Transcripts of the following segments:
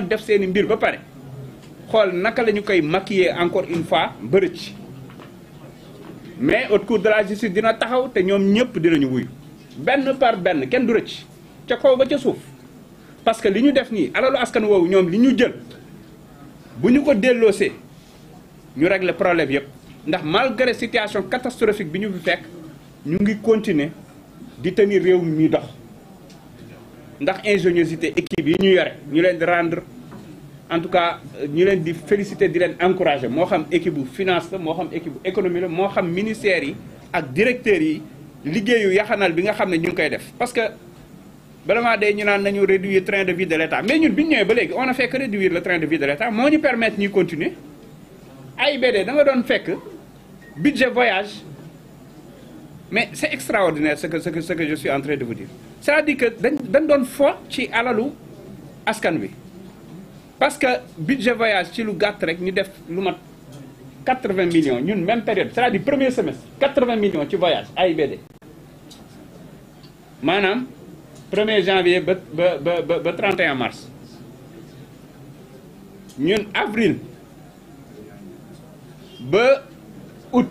def seeni mbir ba pare xool naka la ñu koy encore une fois bërëc mais haute cour de la justice dina taxaw te ñoom ñëpp dinañu wuyu benn par benn kenn du rëcc ca kaw ba ca suuf parce que li ñu def nii alalu askan woowu ñoom li ñu jël bu ñu ko delloosee ñu ragle problème yëpp ndax malgré situation catastrophique bi ñu fi fekk ñu ngi continuer di tenir réew mi dox ndax ingéniosité équipe yi ñu yore ñu leen di rendre en tout cas euh, ñu leen di féliciter di leen encourager moo xam équipe bu finance la moo xam équipe bu économie la moo xam ministère yi ak directeurs yi liggéeyu yaxanal bi nga xam ne ñu ngi koy def parce que vraiment day ñu naan nañu réduire train de vie de l'État mais ñun bi ñu ñëwee ba léegi on a fekk réduire le train de vie de l'État moo ñu permettre ñuy continuer AIBD da nga doon fekk budget voyage mais c'est extraordinaire ce que ce que ce que je de vous ca di dire dañ dañ doon fo ci alalu askan wi parce que budget voyage ci lu gàtt rek ñu def lu mat 80 millions ñun même période ca à dire premier semestre 80 millions ci voyage AIBD maanaam 1er janvier ba ba ba ba 31 mars ñun avril ba août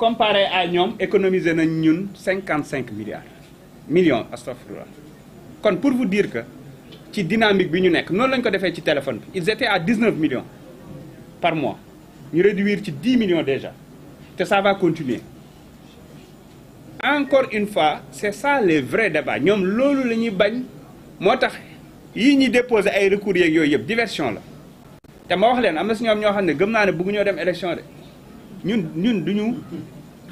comparé à ñoom économiser nañ ñun 55 milliards. million a millions astafurlah kon pour vous dire que ci dynamique bi ñu nekk noonu lañ ko defee ci téléphone bi ils étaient à 19 millions par mois ñu réduire ci 10 millions déjà te ça va continuer encore une fois c'est ça les vrais de débats ñoom loolu la ñuy bañ moo tax yii ñuy déposer ay recours yooyu yëpp diversion la te ma wax leen am na si ñoom ñoo xam ne gëm naa ne bëggu ñoo dem élection de ñun ñun duñu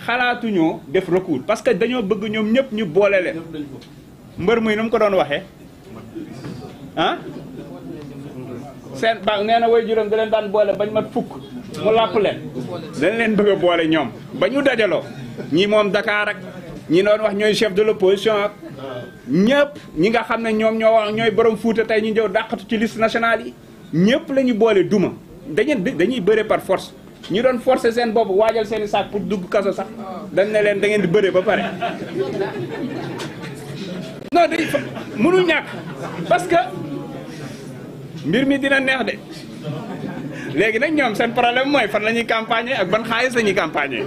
xalaatuñoo def recours parce que dañoo bëgg ñoom ñëpp ñu boole leen mbër muy nu ko doon waxee ah seen ba nee na way juróom da leen daan boole bañ mat fukk mu làpp leen dañ leen bëgg a boole ñoom ba ñu dajaloo ñi moom Dakar ak ñi doon wax ñooy chef de l'opposition ak ñëpp ñi nga xam ne ñoom ñoo wax ñooy borom fuuta tey ñu ñëw dàqatu ci liste nationale yi ñëpp la ñu boole duma dañu dañuy bëre par force ñu doon forcer seen boobu waajal seen i saak pour dugg kaso sax dañ ne leen dangeen di bëre ba pare. non day mënul ñàkk parce que mbir mi dina neex de léegi nag ñoom seen problème mooy fan la ñuy campagner ak ban xaalis la ñuy campagner.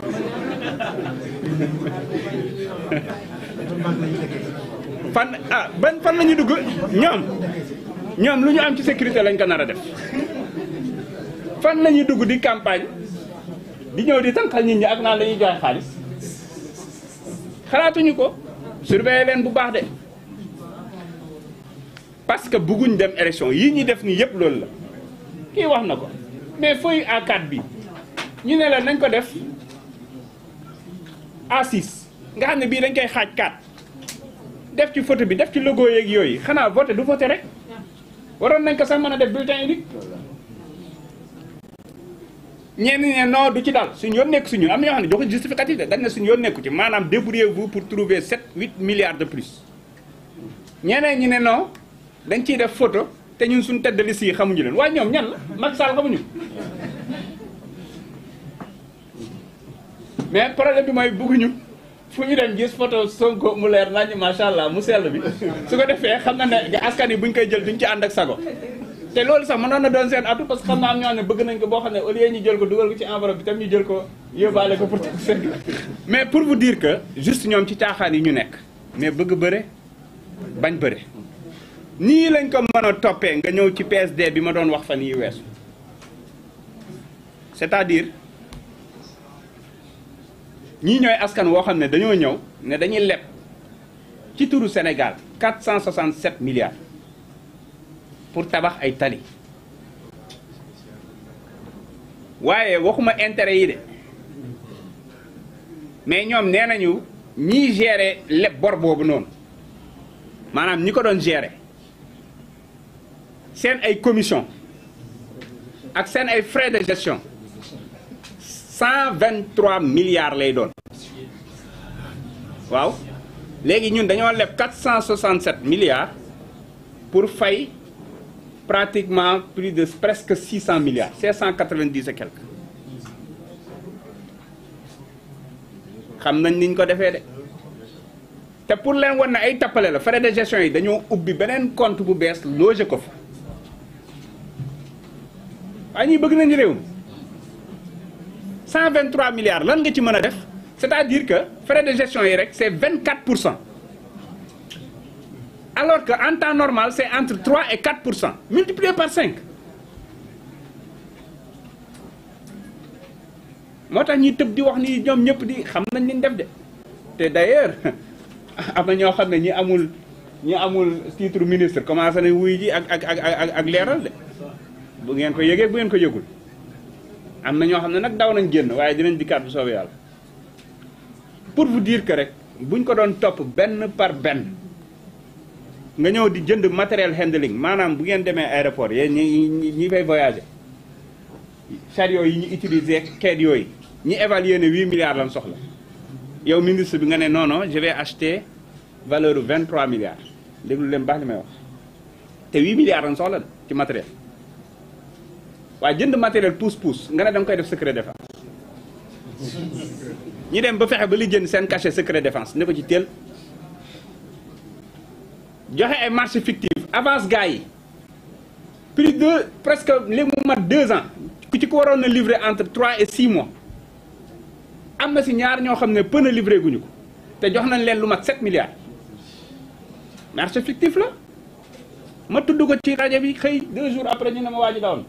fan ah ban fan la ñuy dugg ñoom ñoom lu ñu am ci sécurité lañ ko nar a def fan lañuy dugg di campagne. di ñëw di tànqal nit ñi ak naan lañuy joxe xaalis xalaatuñu ko surveiller leen bu baax de parce que bëgguñ dem élection yi ñuy def nii yëpp loolu la kii wax na ko mais feuille A4 bi ñu ne la nañ ko def a nga xam ne bii dañ koy xaaj 4 def ci photo bi def ci logo yeeg yooyu xanaa voté du voté rek waroon nañ ko sax mën a def bulletin unique ñenn ne non du ci daal suñu yoon nekk suñu am na ñoo xam ne joxuñ justificatif de dañ ne suñu yoon nekku ci maanaam débrouillez-vous pour trouver 7 8 milliards de plus ñeneen ñi ne non dañ ciy def photo te ñun suñu tête de liste xamuñu leen waaye ñoom ñan la Macky Sall xamuñu mais problème bi mooy bëgguñu fu ñu dem gis photo Sonko mu leer nañu macha allah mu sell bi su ko defee xam na ne askan yi buñ koy jël duñ ci ànd ak sago te loolu sax mënoon na doon seen atu parce que xam naa am ñoo ne bëgg nañ ko boo xam ne au lieu ñu jël ko dugal ko ci enveloppe bi tam ñu jël ko yóbbaale ko pour teg mais pour vous dire que juste ñoom ci caaxaan yi ñu nekk mais bëgg bëre bañ bëre nii lañ ko mën a nga ñëw ci PSD bi ma doon wax fan yi weesu c'est-à-dire ñii ñooy askan woo xam ne dañoo ñëw ne dañuy leb ci turu Sénégal 467 milliards pour tabax ay tali waaye waxuma intérêt yi de mais ñoom nee nañu ñiy gérer lépp bor boobu noonu maanaam ñi ko doon geere seen ay commission ak seen ay frais de gestion cent vingt trois milliards lay doon waaw léegi ñun dañoo leb quatre cent soixante sept milliards pour fay pratiquement plus de presque 600 milliards 690 et quelque xam nañ niñ ko defee de te pour leen wan na ay tappale la frais de gestion yi dañoo ubbi beneen compte bu bees loge ko fa waaye ñuy bëgg nañ nañu réew mi 123 milliards lan nga ci mën a def c'est-à-dire que frais de gestion yi rek c'est 24 pour cent alors que en temps normal c'est entre 3 et 4 pour cent multiplié par 5 moo tax ñi tëb di wax ni ñoom ñëpp di xam nañ ni ñu def de te d'ailleurs am na ñoo xam ne ñi amul ñi amul titre ministre commencé nañ wuy ji ak ak ak ak leeral de bu ngeen ko yëgee bu ngeen ko yégul am na ñoo xam ne nag daw nañ génn waaye dinañ dikkaat bu soobee yàlla pour vous diir que rek buñ ko doon topp benn par benn. nga ñëw di jënd matériel handling maanaam bu ngeen demee aéroport yéen ñi ñi fay voyagé chariot yi ñu utilisé keet yooyu ñi évaluer ne 8 milliards lan soxla yow ministre bi nga ne non non je vais acheter valeur bu 23 milliards déglu leen baax li may wax te 8 milliards lan soxla ci matériel waaye jënd matériel pousse pousse nga ne da koy def secret défense ñu dem ba fexe ba li jënd seen cachet secret défense ne ko ci teel. joxe ay marché fictif avance gars yi plus de presque léegi mu mat deux ans ku ci ko waroon na livrer entre trois et six mois am na si ñaar ñoo xam ne peu na livré guñu ko te jox nañ leen lu mat sept milliards marché fictif la ma tudd ko ci rajo bi xëy deux jours après ñu ne ma waa ji dawoon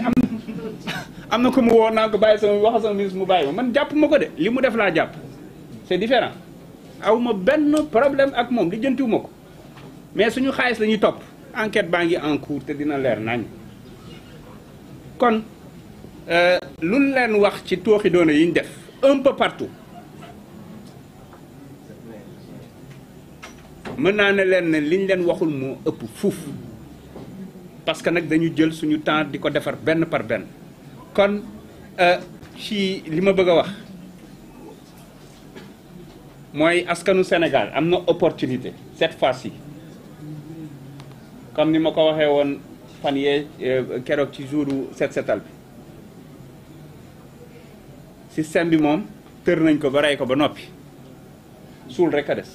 am na ko mu woo naa ko bàyyi sama wax sama mu bàyyi ma man jàpp ma ko de li mu def laa jàpp c'est différent aw ma benn problème ak moom li ko mais suñu xaalis la topp enquête baa ngi en cours te dina leer nañ kon euh, lu leen wax ci tooxi doona yi ñu def un peu partout mën naa ne leen ne liñ leen waxul moo ëpp fuuf parce que nag dañu jël suñu temps di ko defar benn par benn kon euh, ci li ma bëgg a wax mooy askanu Sénégal am na opportunité cette fois-ci comme ni ma ko waxee woon fan yee euh, keroog ci jouru set setal bi système bi moom tër nañ ko ba rey ko ba noppi suul rek a des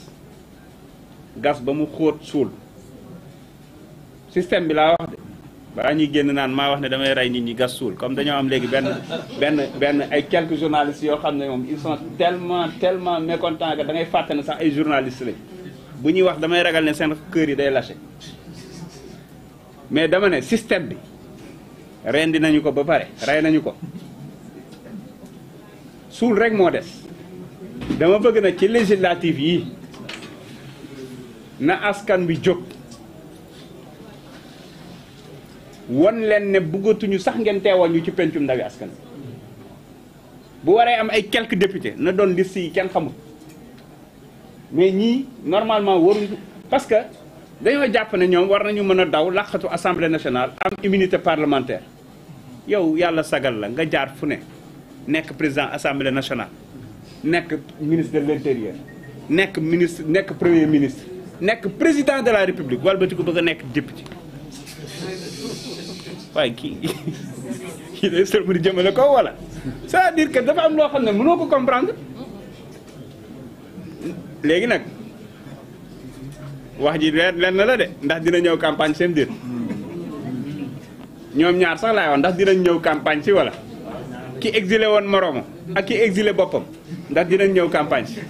gas ba mu xóot suul système bi laa wax balaa ñuy génn naan maa wax ne damay rey nit ñi gas suul comme dañoo am léegi benn benn benn ay quelques journalistes yoo xam ne moom ils sont tellement tellement mécontents que da ngay fàtte ne sax ay journalistes lañ bu ñuy wax damay ragal ne seen kër yi day lâché mais dama ne système bi rendi nañu ko ba pare rey nañu ko suul rek moo des dama bëgg na ci législative yi na askan bi jóg wan leen ne buggatuñu sax ngeen teewal ñu ci pencum ndawi askan bu waree am ay quelques députés na doon liste yi kenn xamul mais ñii normalement waruñu parce que dañoo jàpp ne ñoom war nañu mën a daw làqatu assemblée nationale am immunité parlementaire yow yàlla sagal la nga jaar fu ne nekk président assemblée national nekk ministre de l'intérieur nekk ministre nekk premier ministre nekk président de la république walbati ba ko bëgg a nekk député waaye kii kii day sëlmëri jëmale ko wala cest diir dire que dafa am loo xam ne mënoo ko comprendre léegi nag wax ji leer na la de ndax dina ñëw campagne seen biir ñoom ñaar sax laay wax ndax dinañ ñëw campagne si wala ki exilé woon moroomam ak ki exilé boppam ndax dinañ ñëw campagne si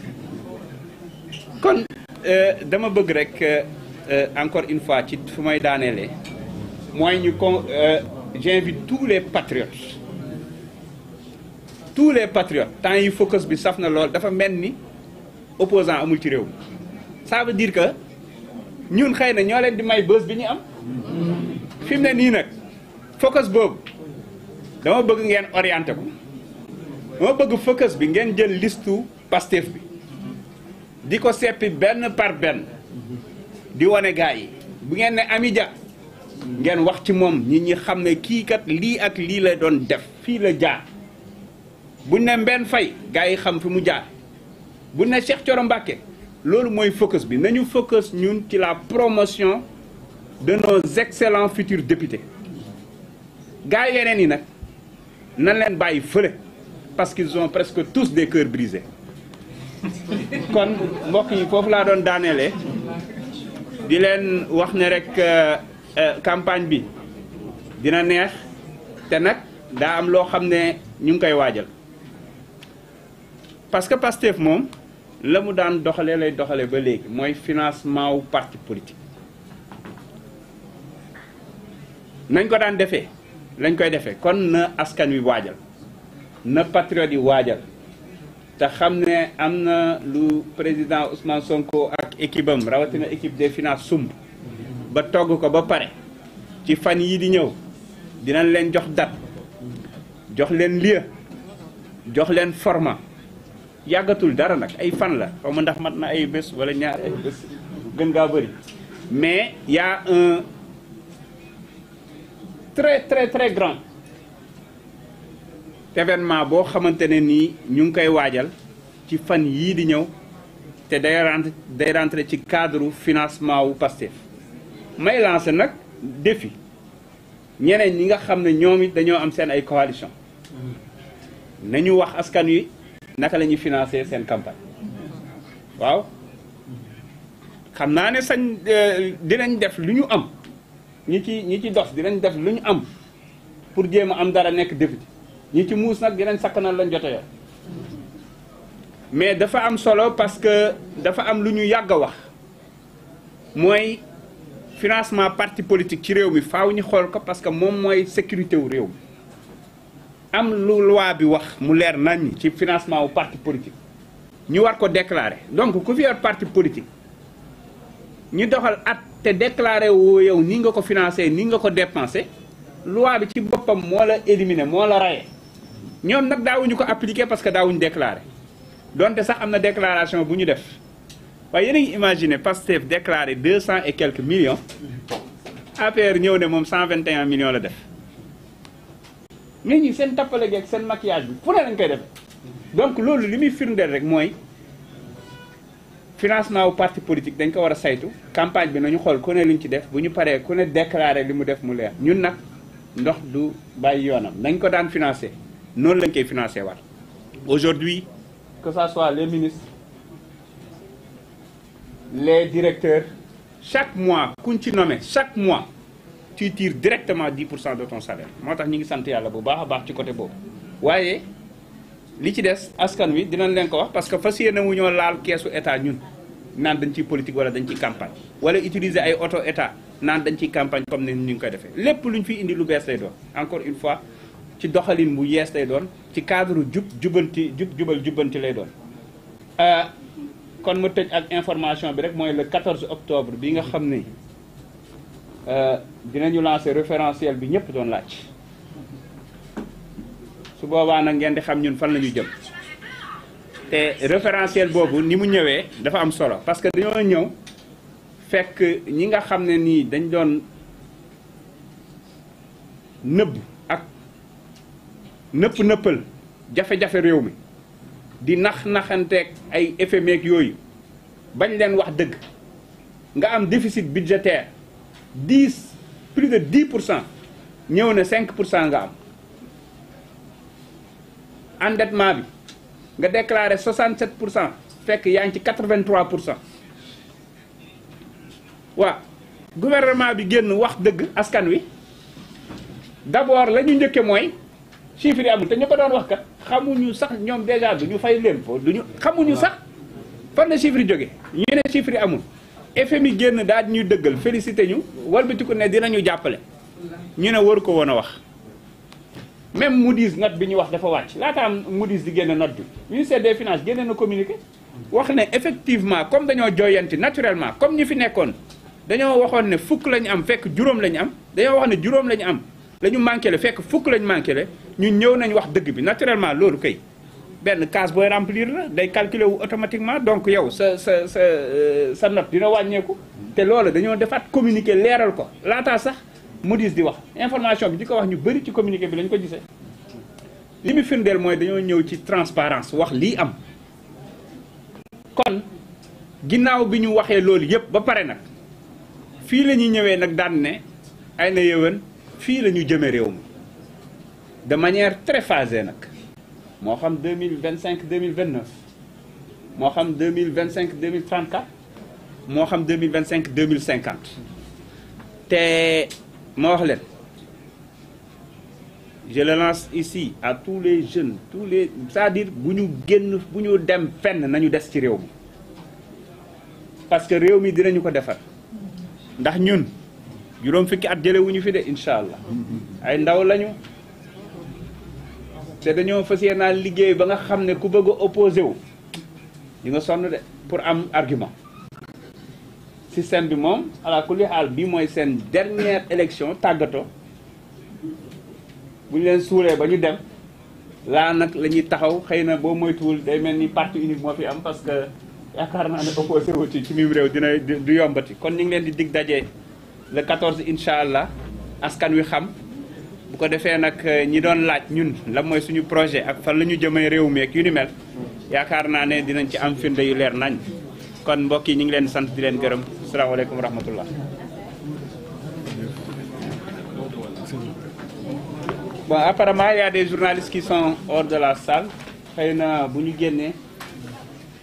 kon euh, dama bëgg rek euh, euh, encore une fois ci fu may daaneelee ñu moi, euh, j'invite tous les patriotes. Tous les patriotes, tant il faut que ce soit opposant à multiréum. Ça veut dire que ñun xëy nous sommes les gens qui ont des gens qui ont des gens focus boobu dama bëgg ngeen orienté ko dama bëgg focus bi ngeen jël listu Pastef bi di ko seppi benn par benn di wane gars yi bu ngeen ne Amidia ngeen wax ci moom ñi ñi xam ne kii kat lii ak lii la doon def fii la jaar bu ne Mbène Faye gars yi xam fi mu jaar bu ne Cheikh Thioro Mbacké loolu mooy focus bi nañu focus ñun ci la promotion de nos excellents futurs députés gars yeneen yi nag nan leen bàyyi fële parce qu'ils ont presque tous des kër brisés kon mbokk yi foofu laa doon daaneele di leen wax ne rek euh, Euh, campagne bi dina neex te nag daa am loo xam ne ñu ngi koy waajal parce que Pastef moom la mu daan doxalee lay doxalee ba léegi mooy financement wu parti politique nañ ko daan defee lañ koy defee kon na askan wi waajal na patriote yi waajal te xam ne am na lu président Ousmane Sonko ak équipe am rawatina équipe des finance sumb ba togg ko ba pare ci fan yii di ñëw dinañ leen jox date jox leen lieu jox leen forma yàggatul dara nag ay fan la xaw ma ndax mat na ay bés wala ñaar ay bés gën ngaa bëri mais yaa a un très très très grand événement boo xamante ne nii ñu ngi koy waajal ci fan yii di ñëw te day rentre day rentre ci cadre financement wu Pastef may lancé nag défi ñeneen ñi nga xam ne ñoom it dañoo am seen ay coalition nañu wax askan wi naka la ñuy financer seen campagne waaw xam naa ne sañ euh, dinañ def lu ñu am ñi ci ñi ci dos dinañ def lu ñu am pour jéem a am dara nekk député ñi ci muus nag dinañ na lañ jote yoon mais dafa am solo parce que dafa am lu ñu yàgg a wax mooy financement parti politique ci réew mi faaw ñu xool ko parce que moom mooy sécurité wu réew mi am lu loi bi wax mu leer nañ ci financement wu parti politique ñu war ko déclarer donc ku fi yor parti politique ñu doxal at te déclarer wu yow ni nga ko financé ni nga ko dépensé loi bi ci boppam moo la éliminé moo la rayé ñoom nag daawuñu ko appliqué parce que daawuñu déclaré donte sax am na déclaration bu ñu def waaye yéen a ngi imaginer Pastef déclaré deux cent et quelques millions APR ñëw ne moom cent vingt et un la def nit ñi seen tappale geeg seen maquillage bi fu ne lañ koy def donc loolu li muy firndeel rek mooy financement wu parti politique dañ ko war a saytu campagne bi nañu xool ku ne ñu ci def bu ñu paree ku ne déclaré li mu def mu leer ñun nag ndox du bàyyi yoonam nañ ko daan financé noonu lañ koy financé waat aujourd'hui que ça soit les ministres les directeur chaque mois kuñ ci nommé chaque mois tu tires directement 10 pour cent de ton salaire moo tax ñu ngi sant yàlla bu baax a baax ci côté boobu waaye li ci des askan wi dinañ leen ko wax parce que fas yéene wu ñoo laal keesu état ñun naan dañ ciy politique wala dañ ciy campagne wala utiliser ay auto état naan dañ ciy campagne comme ni ñu ngi koy defee lépp lu ñu fi indi lu bees lay doon encore une fois ci doxalin bu yees lay doon ci cadre jub jubanti jub jubal jubanti lay doon euh, kon ma tëj ak information bi rek mooy le 14 octobre bi nga xam ni euh, dinañu lancer référentiel bi ñëpp doon laaj su boobaa nag ngeen di xam ñun fan la ñu jëm te référentiel boobu ni mu ñëwee dafa am solo parce que dañoo ñëw fekk ñi nga xam ne nii dañ doon nëbb ak nëpp nëppal jafe-jafe réew mi di nax-naxanteeg ay FMI yooyu bañ leen wax dëgg nga am déficit budgétaire dix plus de dix pour cent ñëw na cinq pour cent nga am endettement bi nga déclaré 67 pour cent fekk yaa ngi ci 83 pour cent waaw gouvernement bi génn wax dëgg askan wi d'abord la ñu njëkke mooy chiffres yi amul te ñu ko doon wax ka xamuñu sax ñoom dèjà du ñu fay lempo du ñu xamuñu sax fan la chiffre jóge ñu ne chiffre amul FMI génn daal di ñuy dëggal félicité ñu walbatiku ne dina dinañu jàppale ñu ne waru ko woon a wax même Moody's note bi ñu wax dafa wàcc laataa Moody's di génn note bi ministère des finances génne na communiqué wax ne effectivement comme dañoo joyanti naturellement comme ñi fi nekkoon dañoo waxoon ne fukk lañu am fekk juróom lañu am dañoo wax ne juróom lañu am la manqué le fekk fukk lañu manqué le ñun ñëw nañu wax dëgg bi naturellement loolu kay benn case booy remplir la day calculer wu automatiquement donc yow sa sa sa euh, sa note dina wàññeeku. te loolu dañoo defaat communiqué leeral ko laataa sax mu modis di wax information bi di ko wax ñu bëri ci communiqué bi lañ ko gisee. li mu firndeel mooy dañoo ñëw ci transparence wax lii am kon ginnaaw bi ñu waxee loolu yëpp ba pare nag fii la ñuy ñëwee nag daan ne ay na yéwén fii la ñu jëmee réew mi. de manière très phasée nag moo xam deux mille vingt cinq deux mille vingt neuf moo xam deux mille vingt cinq deux mille trente moo xam deux mille vingt cinq deux mille cinquante te moo wax leen je le lance ici à tous les jeunes tous les cest dire bu ñu génn bu ñu dem fenn nañu des ci réew mi parce que réew mi dinañu ko defar ndax ñun juróom fukki at jëlewuñu fi de incha allah ay ndaw lañu. te dañoo fas yéenaa liggéey ba nga xam ne ku bëgg a wu di nga sonn de pour am argument seen bi moom ala kulli xaal bi mooy seen dernière élection tàggatoo bu ñu leen suuree ba ñu dem laa nag la ñuy taxaw xëy na boo moytuwul day mel ni parti unique moo fi am parce que yaakaar naa ne opposé ci ci mim réew dina du yombati kon ñu ngi leen di dig dajee le 14 incha allah askan wi xam bu ko defee nag eh, ñi doon laaj ñun lan mooy suñu projet ak fan la ñu jëmee réew mi ak yu mel yaakaar naa ne dinañ ci am firnde yu leer nañ kon mbokk yi ñu ngi leen sant di leen gërëm asalaamaaleykum wa rahmatullah bon apparemment y a des journalistes qui sont hors de la salle xëy na bu ñu génnee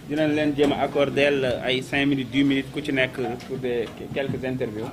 dinañ leen jéem a accordel euh, ay 5 minutes 10 minutes ku ci nekk pour des quelques interviews